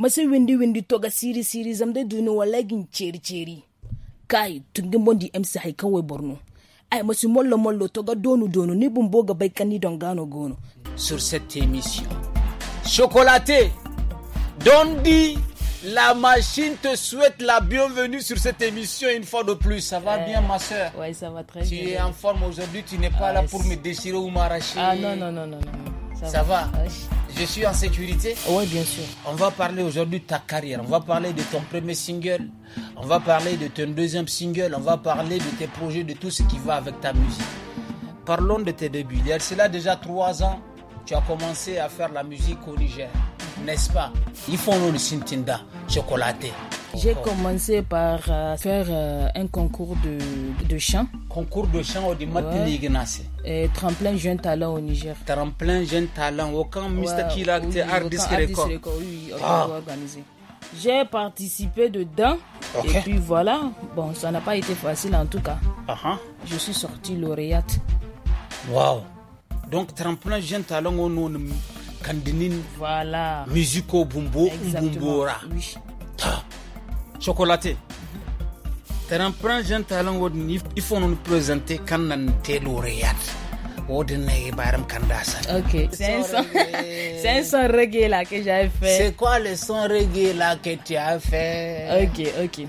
masi windi windi toga siri siri zamde duni walagin cheri cheri kai tunge mondi emsi hay kawai borno ay masi mollo mollo toga donu donu ni bumboga baikani dongano gono sur cette émission chocolaté dondi la machine te souhaite la bienvenue sur cette émission une fois de plus. Ça va bien, ma soeur Oui, ça va très tu bien. Tu es en forme aujourd'hui, tu n'es pas ah, là pour me déchirer ou m'arracher. Ah non, non, non, non, non. Ça, va, Je suis en sécurité Oui, bien sûr. On va parler aujourd'hui de ta carrière. On va parler de ton premier single. On va parler de ton deuxième single. On va parler de tes projets, de tout ce qui va avec ta musique. Parlons de tes débuts. Il y a cela déjà trois ans, tu as commencé à faire la musique au Niger, n'est-ce pas Ils font le Sintinda, chocolaté. J'ai commencé par euh, faire euh, un concours de, chant. Concours de chant au Dimat ouais. Eh, tremplin jeune talent au Niger. Tremplin jeune talent, aucun ouais, Mr. c'est Art Record. Oui, ah. J'ai participé dedans et puis voilà, bon, ça n'a pas été facile en tout cas. Je suis sortie lauréate. Waouh! Donc, tremplin jeune talent au nom Voilà. Musico Bumbo Bumbora. Oui. Chocolaté. Tremplin jeune talent il faut nous présenter quand on est lauréate. Ok, c'est un, son... reggae là que j'avais fait. C'est quoi le son reggae là que tu as fait Ok, ok.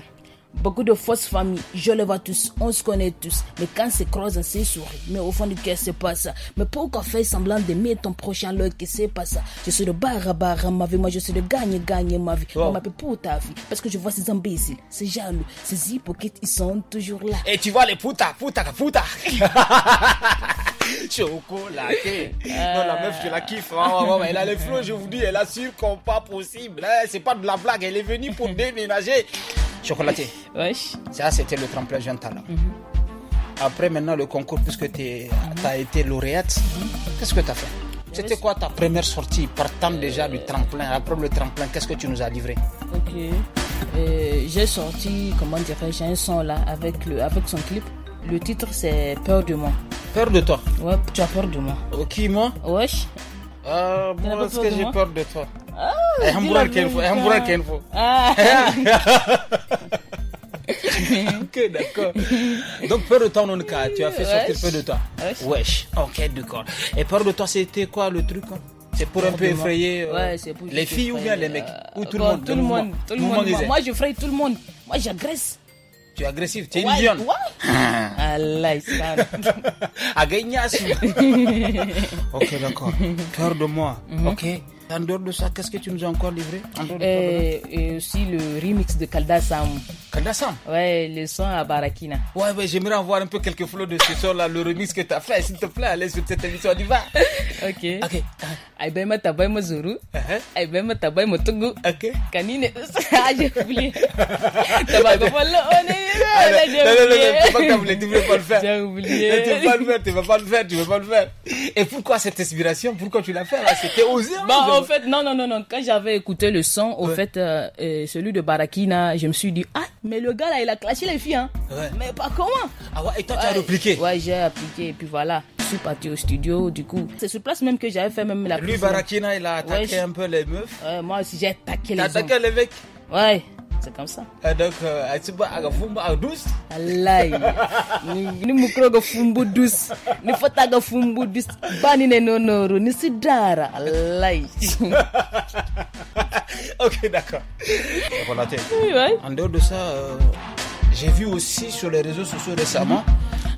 Beaucoup de fausses familles, je les vois tous, on se connaît tous. Mais quand c'est croise, c'est sourire. Mais au fond du cœur, c'est pas ça. Mais pourquoi faire semblant d'aimer ton prochain l'œil que c'est pas ça Je suis de barre barre ma vie, moi je suis de gagne gagner ma vie. On m'appelle pour ta vie. Parce que je vois ces imbéciles, ces jaloux, ces hypocrites, ils sont toujours là. Et tu vois les putas, putas, putas Chocolaté. Euh, non, la meuf, je la kiffe. Hein. elle a les flots, je vous dis, elle assure qu'on pas possible. Ce hein, C'est pas de la blague, elle est venue pour déménager. Chocolaté. Wesh. Ça, c'était le tremplin jeune talent. Mhm. Après, maintenant, le concours, puisque tu mhm. as été lauréate, mhm. qu'est-ce que tu as fait c'était quoi ta première sortie partant déjà du tremplin Après le tremplin, qu'est-ce que tu nous as livré Ok. Euh, j'ai sorti, comment dirais J'ai un son là avec, le, avec son clip. Le titre c'est Peur de moi. Peur de toi Ouais, tu as peur de moi. Ok, moi Wesh. Ah, parce ce que j'ai peur de toi Ah, eh, un eh, ah. ok, d'accord. Donc, peur de toi, non, tu as fait sortir peur de toi. Wesh. Ok, d'accord. Et peur de toi, c'était quoi le truc hein? C'est pour un peu effrayer euh, ouais, c'est pour les filles ou bien les mecs euh, Ou tout, le monde, tout, le monde Tout le monde. Moi, moi je fraye tout le monde. Moi, j'agresse tu es agressif, tu es why, indienne. Allah, Ok, d'accord. de moi. Mhm. Ok. En dehors de ça, qu'est-ce que tu nous as encore livré en dehors de euh, et, et, euh, aussi le remix de Kaldasam Kaldasam Ouais, le son à Barakina. Ouais, ouais, j'aimerais en voir un peu quelques flots de ce son-là, le remix que tu as fait, s'il te plaît, allez sur cette émission, on y va. ok. Ok. Aïbé ben, ma tabay ma zuru. Uh-huh. Ben, tabay Ok. Kanine. Ah, j'ai oublié. Tabay ma on est. Ah, non, non, tu vas pas veux pas le faire. J'ai oublié. Tu veux pas le faire, tu veux pas le faire, tu veux pas le faire. Et pourquoi cette inspiration Pourquoi tu l'as fait là C'était osé. Hein, bah, au fait, non, non, non, non. Quand j'avais écouté le son, au fait, euh, euh, celui de Barakina, je me suis dit, ah, mais le gars là, il a clashé les filles, hein. Ouais. Mais pas comment Ah ouais, et toi, tu as répliqué Ouais, j'ai appliqué, et puis voilà. Je suis parti au studio, du coup. C'est sur place même que j'avais fait même la Lui, Barakina, il a attaqué un peu les meufs. moi aussi, j'ai attaqué les meufs. attaqué l'évêque Ouais. C'est comme ça. Ah, donc, à euh, Fumbo douce Fumbo douce. Fumbo douce. Ni sidara. ok, d'accord. Voilà, oui, En dehors de ça, euh, j'ai vu aussi sur les réseaux sociaux récemment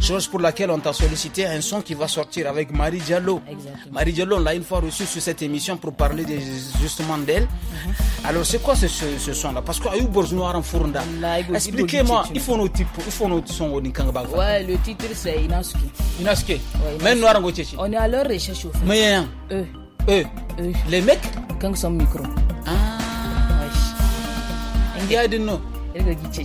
chose pour laquelle on t'a sollicité un son qui va sortir avec Marie Diallo. Marie Diallo, on l'a une fois reçu sur cette émission pour parler justement d'elle. Uh-huh. Alors, c'est quoi ce, ce, son-là Parce bourse Noir en Fournda. Expliquez-moi, il faut nos types, il faut nos sons au Nikangabago. Ouais, le titre c'est Inaski. Inaski. Mais Noir en On est à leur recherche au fait. Mais hein. eux. Eux. Eux. Les mecs Quand sont micro. Ah. Ouais. Il y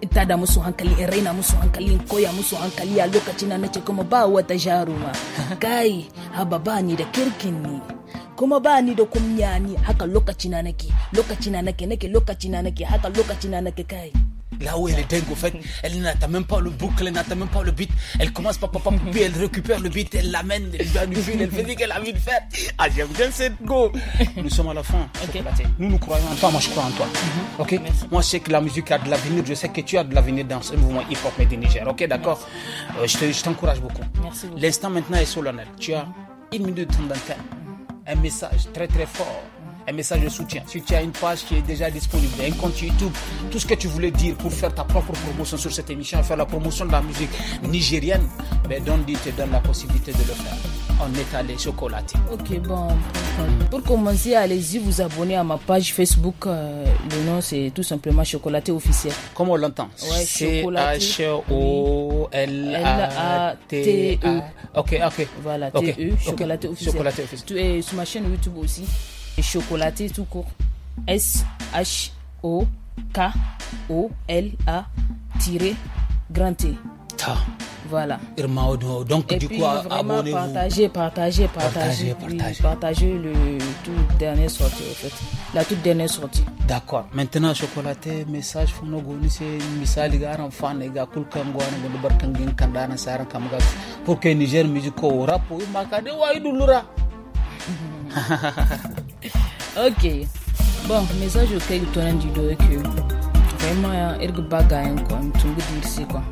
in tada musu hankali in raina musu hankali in koya musu hankali a lokacin na nace kuma ba wata jaruma kai haba ba ni da kirkin ni kuma ba ni da kunya ni haka na nake na nake nake na nake haka na nake kai Là où elle est dingue, au fait, elle n'atteint même pas le boucle, elle n'atteint même pas le beat. Elle commence par papa Puis elle récupère le beat, elle l'amène, elle lui donne une elle fait dire qu'elle a envie de faire. Ah, j'aime bien cette go. Nous sommes à la fin. Nous, nous croyons en toi, moi je crois en toi. Mm-hmm. Ok Moi, je sais que la musique a de l'avenir, je sais que tu as de l'avenir dans ce mouvement hip-hop Mais du Niger. Ok, d'accord euh, Je t'encourage beaucoup. Merci beaucoup. L'instant maintenant est solennel. Tu as une minute de temps d'antenne. Mm-hmm. Un message très très fort un message de soutien. Si tu as une page qui est déjà disponible, un compte YouTube, tout ce que tu voulais dire pour faire ta propre promotion sur cette émission, faire la promotion de la musique nigérienne, ben Dondi te donne la possibilité de le faire. On est allé chocolaté Ok, bon. Pour commencer, allez-y vous abonner à ma page Facebook. Euh, le nom, c'est tout simplement Chocolaté Officiel. comment on l'entend. Ouais, C-H-O-L-A-T-E. Ok, ok. Voilà, t e, Chocolaté Officiel. Tu es sur ma chaîne YouTube aussi chocolaté tout court. S-H-O-K-O-L-A-Grand T. Voilà. Donc, Et du puis, coup, abonnez-vous. Partagez, partagez, partager, partager, partager, partagez. le tout dernier sortie, en fait. La toute dernière sortie. D'accord. Maintenant, chocolaté, message pour nos c'est misali ga ran fan et ga kul kan gwan kandana bar kan gin saran pour que Niger musique au rap ma makade de ok bon message auquel ga tonan du dos, que vraiment il irga bagayen quoi, Tu veux dire c'est quoi,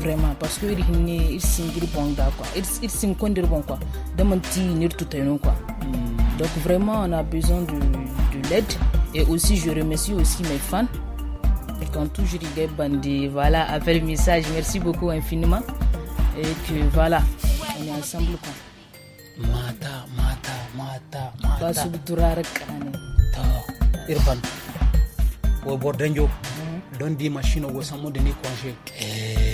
vraiment parce que irhin ne irsin gir bonga quoi irsin kondir bon quoi il y a nir tutayno quoi hmm. donc vraiment on a besoin de, de l'aide et aussi je remercie aussi mes fans et quand toujours il bandés, bandé voilà le message merci beaucoup infiniment et que voilà on est ensemble quoi kasu bitura rek to irfan wo bordanjo hmm. don di machine wo samude ni congé eh